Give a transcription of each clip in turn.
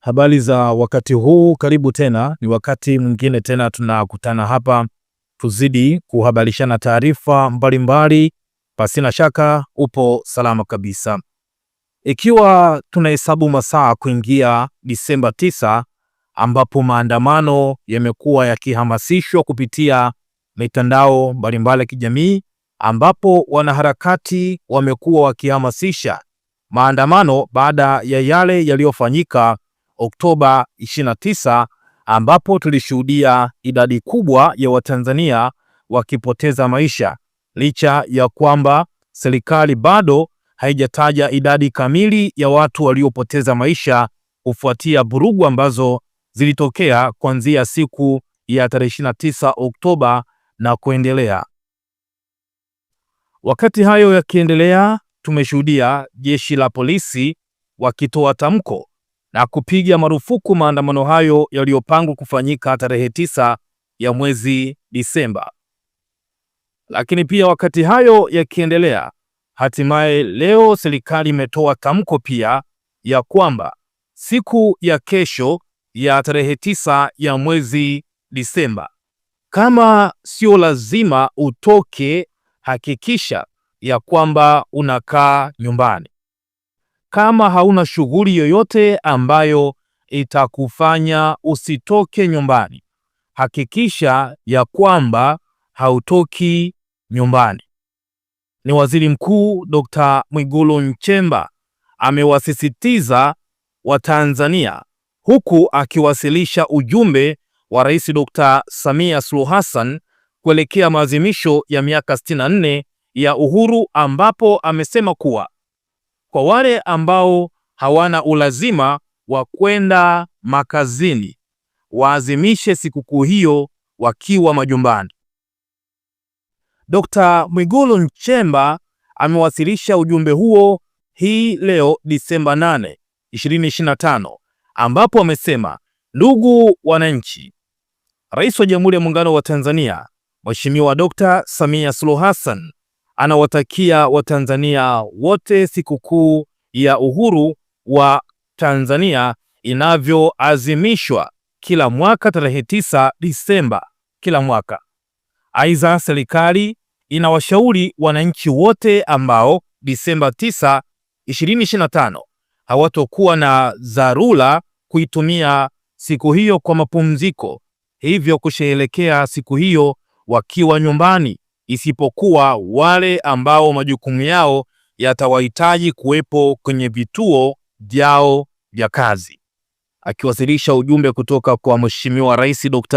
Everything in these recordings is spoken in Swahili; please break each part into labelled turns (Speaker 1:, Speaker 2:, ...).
Speaker 1: Habari za wakati huu, karibu tena. Ni wakati mwingine tena tunakutana hapa tuzidi kuhabarishana taarifa mbalimbali. Pasina shaka upo salama kabisa. Ikiwa tunahesabu masaa kuingia Disemba 9 ambapo maandamano yamekuwa yakihamasishwa kupitia mitandao mbalimbali ya kijamii, ambapo wanaharakati wamekuwa wakihamasisha maandamano baada ya yale yaliyofanyika Oktoba 29 ambapo tulishuhudia idadi kubwa ya Watanzania wakipoteza maisha licha ya kwamba serikali bado haijataja idadi kamili ya watu waliopoteza maisha kufuatia vurugu ambazo zilitokea kuanzia siku ya tarehe 29 Oktoba na kuendelea. Wakati hayo yakiendelea, tumeshuhudia jeshi la polisi wakitoa tamko na kupiga marufuku maandamano hayo yaliyopangwa kufanyika tarehe tisa ya mwezi Disemba. Lakini pia wakati hayo yakiendelea, hatimaye leo serikali imetoa tamko pia ya kwamba siku ya kesho ya tarehe tisa ya mwezi Disemba, kama sio lazima utoke, hakikisha ya kwamba unakaa nyumbani kama hauna shughuli yoyote ambayo itakufanya usitoke nyumbani, hakikisha ya kwamba hautoki nyumbani. Ni Waziri Mkuu Dkt. Mwigulu Nchemba amewasisitiza Watanzania huku akiwasilisha ujumbe wa Rais Dkt. Samia Suluhu Hassan kuelekea maadhimisho ya miaka 64 ya uhuru ambapo amesema kuwa kwa wale ambao hawana ulazima wa kwenda makazini waazimishe sikukuu hiyo wakiwa majumbani. Dr. Mwigulu Nchemba amewasilisha ujumbe huo hii leo Disemba 8, 2025 ambapo amesema, ndugu wananchi, Rais wa Jamhuri ya Muungano wa Tanzania Mheshimiwa Dr. Samia Suluhu Hassan anawatakia Watanzania wote sikukuu ya uhuru wa Tanzania inavyoazimishwa kila mwaka tarehe tisa Disemba kila mwaka. Aidha, serikali inawashauri wananchi wote ambao Disemba tisa 2025 hawatokuwa na dharura kuitumia siku hiyo kwa mapumziko, hivyo kusherehekea siku hiyo wakiwa nyumbani isipokuwa wale ambao majukumu yao yatawahitaji kuwepo kwenye vituo vyao vya kazi. Akiwasilisha ujumbe kutoka kwa Mheshimiwa Rais Dkt.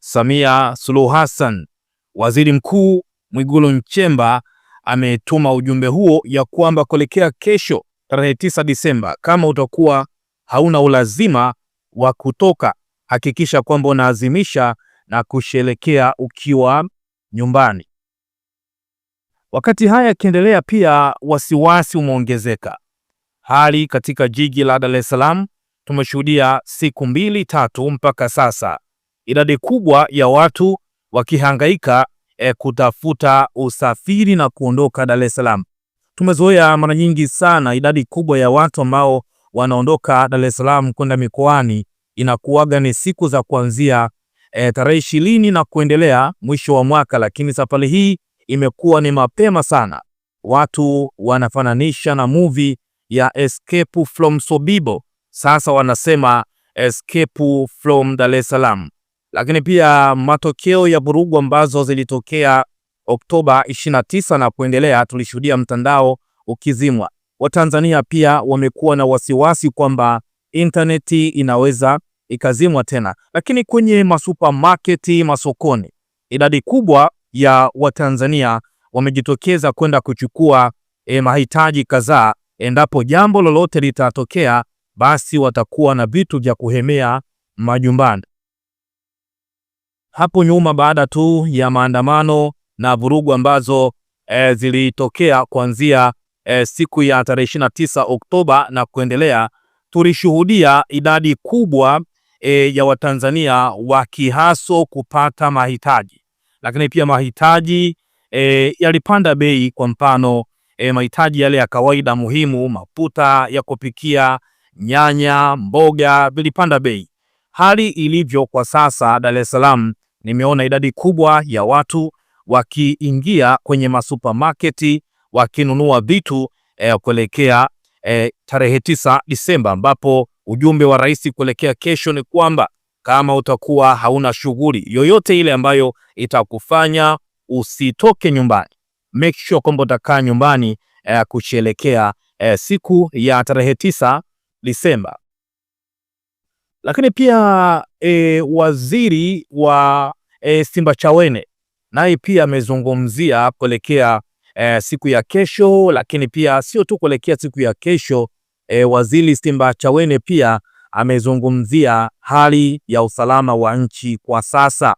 Speaker 1: Samia Suluhu Hassan, Waziri Mkuu Mwigulu Nchemba ametuma ujumbe huo ya kwamba kuelekea kesho tarehe 9 Disemba, kama utakuwa hauna ulazima wa kutoka, hakikisha kwamba unaazimisha na kusherekea ukiwa nyumbani. Wakati haya yakiendelea, pia wasiwasi umeongezeka. Hali katika jiji la Dar es Salaam tumeshuhudia siku mbili tatu mpaka sasa, idadi kubwa ya watu wakihangaika e, kutafuta usafiri na kuondoka Dar es Salaam. Tumezoea mara nyingi sana idadi kubwa ya watu ambao wanaondoka Dar es Salaam kwenda mikoani inakuwaga ni siku za kuanzia e, tarehe ishirini na kuendelea mwisho wa mwaka, lakini safari hii imekuwa ni mapema sana, watu wanafananisha na movie ya Escape from Sobibo, sasa wanasema Escape from Dar es Salaam. Lakini pia matokeo ya vurugu ambazo zilitokea Oktoba 29 na kuendelea, tulishuhudia mtandao ukizimwa. Watanzania pia wamekuwa na wasiwasi kwamba intaneti inaweza ikazimwa tena. Lakini kwenye masupamaketi, masokoni, idadi kubwa ya Watanzania wamejitokeza kwenda kuchukua e, mahitaji kadhaa. Endapo jambo lolote litatokea, basi watakuwa na vitu vya kuhemea majumbani. Hapo nyuma baada tu ya maandamano na vurugu ambazo e, zilitokea kuanzia e, siku ya tarehe 29 Oktoba na kuendelea, tulishuhudia idadi kubwa e, ya Watanzania wakihaso kupata mahitaji lakini pia mahitaji e, yalipanda bei. Kwa mfano e, mahitaji yale ya kawaida muhimu, mafuta ya kupikia, nyanya, mboga vilipanda bei. Hali ilivyo kwa sasa Dar es Salaam, nimeona idadi kubwa ya watu wakiingia kwenye masupamaketi wakinunua vitu e, kuelekea e, tarehe tisa Disemba ambapo ujumbe wa rais kuelekea kesho ni kwamba kama utakuwa hauna shughuli yoyote ile ambayo itakufanya usitoke nyumbani, make sure kwamba utakaa nyumbani eh, kusherekea eh, siku ya tarehe tisa Disemba. Lakini pia eh, waziri wa eh, Simba Chawene naye pia amezungumzia kuelekea eh, siku ya kesho, lakini pia sio tu kuelekea siku ya kesho eh, waziri Simba Chawene pia amezungumzia hali ya usalama wa nchi kwa sasa,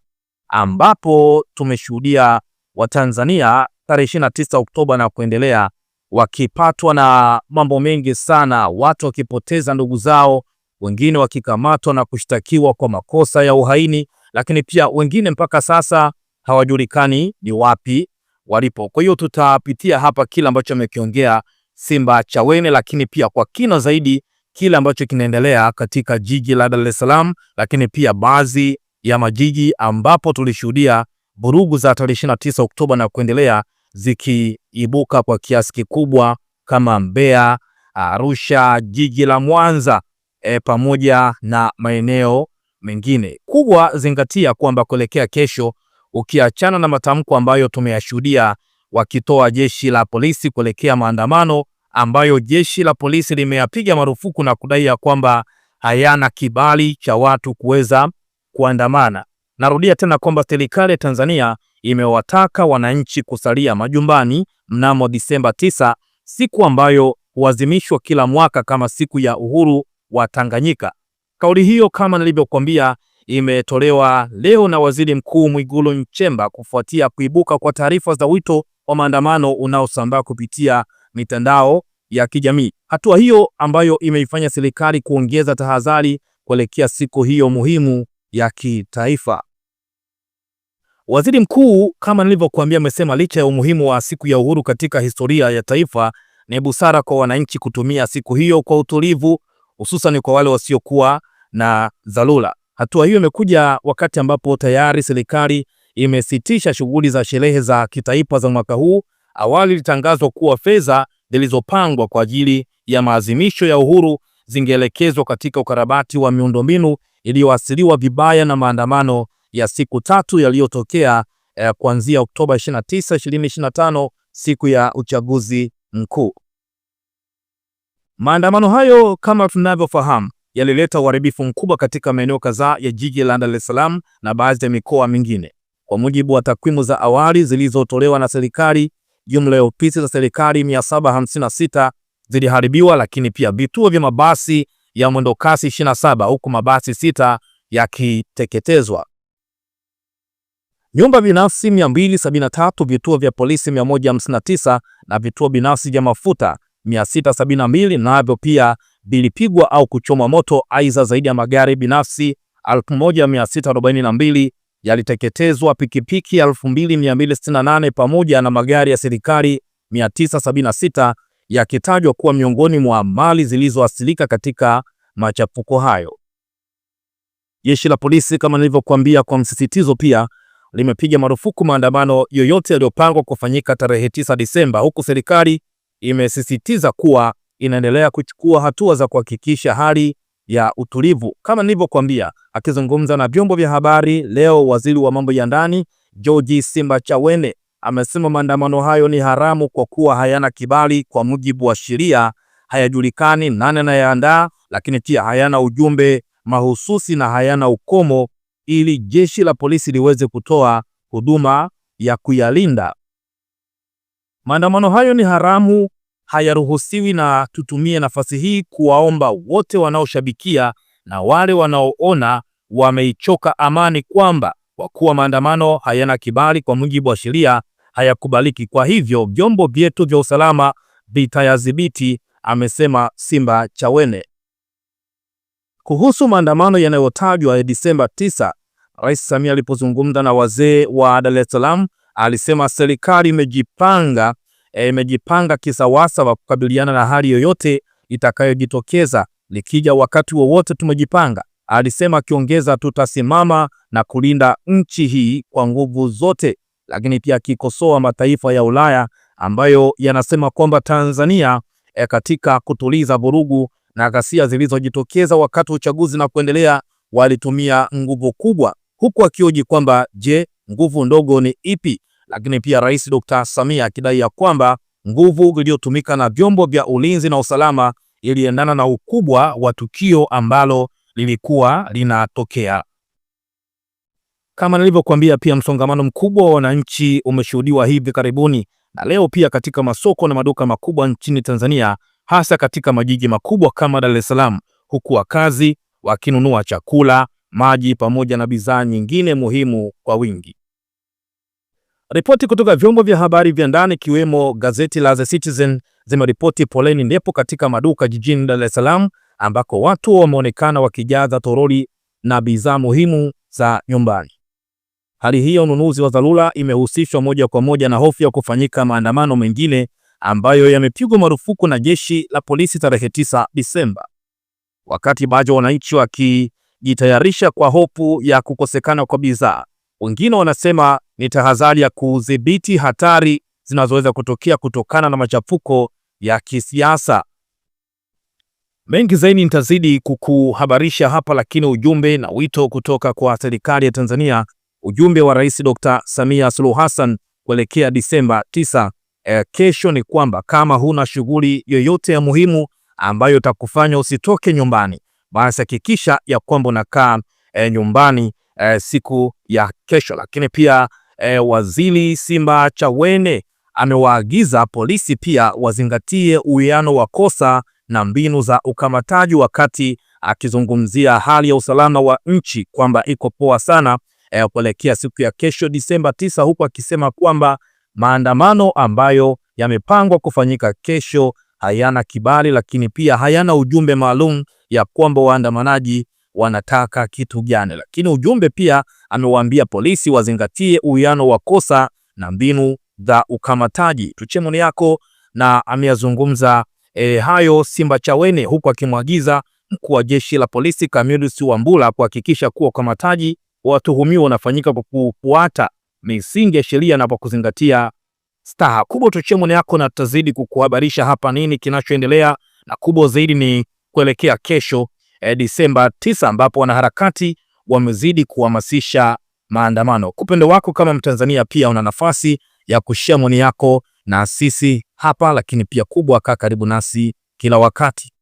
Speaker 1: ambapo tumeshuhudia Watanzania tarehe 29 Oktoba na kuendelea wakipatwa na mambo mengi sana, watu wakipoteza ndugu zao, wengine wakikamatwa na kushtakiwa kwa makosa ya uhaini, lakini pia wengine mpaka sasa hawajulikani ni wapi walipo. Kwa hiyo tutapitia hapa kile ambacho amekiongea Simba Chawene, lakini pia kwa kina zaidi kile ambacho kinaendelea katika jiji la Dar es Salaam, lakini pia baadhi ya majiji ambapo tulishuhudia vurugu za tarehe 29 Oktoba na kuendelea zikiibuka kwa kiasi kikubwa kama Mbeya, Arusha, jiji la Mwanza e, pamoja na maeneo mengine kubwa. Zingatia kwamba kuelekea kesho, ukiachana na matamko ambayo tumeyashuhudia wakitoa jeshi la polisi kuelekea maandamano ambayo jeshi la polisi limeyapiga marufuku na kudai ya kwamba hayana kibali cha watu kuweza kuandamana. Narudia tena kwamba serikali ya Tanzania imewataka wananchi kusalia majumbani mnamo Disemba 9, siku ambayo huadhimishwa kila mwaka kama siku ya uhuru wa Tanganyika. Kauli hiyo kama nilivyokuambia imetolewa leo na Waziri Mkuu Mwigulu Nchemba kufuatia kuibuka kwa taarifa za wito wa maandamano unaosambaa kupitia mitandao ya kijamii. Hatua hiyo ambayo imeifanya serikali kuongeza tahadhari kuelekea siku hiyo muhimu ya kitaifa. Waziri Mkuu, kama nilivyokuambia, amesema licha ya umuhimu wa siku ya uhuru katika historia ya taifa, ni busara kwa wananchi kutumia siku hiyo kwa utulivu, hususan kwa wale wasiokuwa na dharura. Hatua hiyo imekuja wakati ambapo tayari serikali imesitisha shughuli za sherehe za kitaifa za mwaka huu Awali ilitangazwa kuwa fedha zilizopangwa kwa ajili ya maadhimisho ya uhuru zingeelekezwa katika ukarabati wa miundombinu iliyoasiliwa vibaya na maandamano ya siku tatu yaliyotokea eh, kuanzia Oktoba 29, 2025 siku ya uchaguzi mkuu. Maandamano hayo kama tunavyofahamu yalileta uharibifu mkubwa katika maeneo kadhaa ya jiji la Dar es Salaam na baadhi ya mikoa mingine. Kwa mujibu wa takwimu za awali zilizotolewa na serikali, Jumla ya ofisi za serikali 756 ziliharibiwa, lakini pia vituo vya mabasi ya mwendokasi 27 huku mabasi sita yakiteketezwa, nyumba binafsi 273, vituo vya polisi 159 na vituo binafsi vya mafuta 672 navyo pia vilipigwa au kuchomwa moto. Aidha, zaidi ya magari binafsi 1642 yaliteketezwa pikipiki 2268 pamoja na magari ya serikali 976 yakitajwa kuwa miongoni mwa mali zilizoasilika katika machafuko hayo. Jeshi la polisi kama nilivyokuambia kwa msisitizo, pia limepiga marufuku maandamano yoyote yaliyopangwa kufanyika tarehe 9 Disemba, huku serikali imesisitiza kuwa inaendelea kuchukua hatua za kuhakikisha hali ya utulivu kama nilivyokuambia. Akizungumza na vyombo vya habari leo, waziri wa mambo ya ndani George Simbachawene amesema maandamano hayo ni haramu kwa kuwa hayana kibali kwa mujibu wa sheria, hayajulikani nani anayeandaa, lakini pia hayana ujumbe mahususi na hayana ukomo, ili jeshi la polisi liweze kutoa huduma ya kuyalinda. Maandamano hayo ni haramu hayaruhusiwi, na tutumie nafasi hii kuwaomba wote wanaoshabikia na wale wanaoona wameichoka amani kwamba kwa kuwa maandamano hayana kibali kwa mujibu wa sheria, hayakubaliki, kwa hivyo vyombo vyetu vya usalama vitayadhibiti, amesema Simba Chawene. Kuhusu maandamano yanayotajwa ya Disemba 9, Rais Samia alipozungumza na wazee wa Dar es Salaam alisema serikali imejipanga E, imejipanga kisawasa kisawasawa kukabiliana na hali yoyote itakayojitokeza. Likija wakati wowote tumejipanga, alisema akiongeza, tutasimama na kulinda nchi hii kwa nguvu zote. Lakini pia akikosoa mataifa ya Ulaya ambayo yanasema kwamba Tanzania e, katika kutuliza vurugu na ghasia zilizojitokeza wakati wa uchaguzi na kuendelea, walitumia nguvu kubwa, huku akioji kwamba je, nguvu ndogo ni ipi? lakini pia Rais Dr. Samia akidai ya kwamba nguvu iliyotumika na vyombo vya ulinzi na usalama iliendana na ukubwa wa tukio ambalo lilikuwa linatokea. Kama nilivyokuambia, pia msongamano mkubwa wa wananchi umeshuhudiwa hivi karibuni na leo pia katika masoko na maduka makubwa nchini Tanzania, hasa katika majiji makubwa kama Dar es Salaam, huku wakazi wakinunua chakula, maji pamoja na bidhaa nyingine muhimu kwa wingi. Ripoti kutoka vyombo vya habari vya ndani ikiwemo gazeti la The Citizen zimeripoti poleni ndepo katika maduka jijini Dar es Salaam ambako watu wameonekana wakijaza toroli na bidhaa muhimu za nyumbani. Hali hiyo ununuzi wa dharura imehusishwa moja kwa moja na hofu ya kufanyika maandamano mengine ambayo yamepigwa marufuku na jeshi la polisi tarehe 9 Disemba, wakati baadhi ya wananchi wakijitayarisha kwa hofu ya kukosekana kwa bidhaa. Wengine wanasema ni tahadhari ya kudhibiti hatari zinazoweza kutokea kutokana na machafuko ya kisiasa. Mengi zaidi nitazidi kukuhabarisha hapa, lakini ujumbe na wito kutoka kwa serikali ya Tanzania, ujumbe wa Rais Dr. Samia Suluhu Hassan kuelekea Disemba 9 eh, kesho ni kwamba kama huna shughuli yoyote ya muhimu ambayo itakufanya usitoke nyumbani, basi hakikisha ya kwamba unakaa eh, nyumbani eh, siku ya kesho. Lakini pia e, waziri Simba Chawene amewaagiza polisi pia wazingatie uwiano wa kosa na mbinu za ukamataji, wakati akizungumzia hali ya usalama wa nchi kwamba iko poa sana e, kuelekea siku ya kesho Disemba tisa, huku akisema kwamba maandamano ambayo yamepangwa kufanyika kesho hayana kibali, lakini pia hayana ujumbe maalum ya kwamba waandamanaji wanataka kitu gani. Lakini ujumbe pia amewaambia polisi wazingatie uwiano wa kosa na mbinu za ukamataji. Tuchie maoni yako, na ameyazungumza e, hayo Simba Chawene, huku akimwagiza mkuu wa jeshi la polisi Camillus Wambura kuhakikisha kuwa ukamataji watuhumiwa unafanyika kwa kufuata misingi ya sheria na kwa kuzingatia staha kubwa. Tuchie maoni yako na tutazidi kukuhabarisha hapa nini kinachoendelea, na kubwa zaidi ni kuelekea kesho eh, Disemba 9 ambapo wanaharakati wamezidi kuhamasisha maandamano. Kwa wako kama Mtanzania pia una nafasi ya kushia maoni yako na sisi hapa, lakini pia kubwa, kaa karibu nasi kila wakati.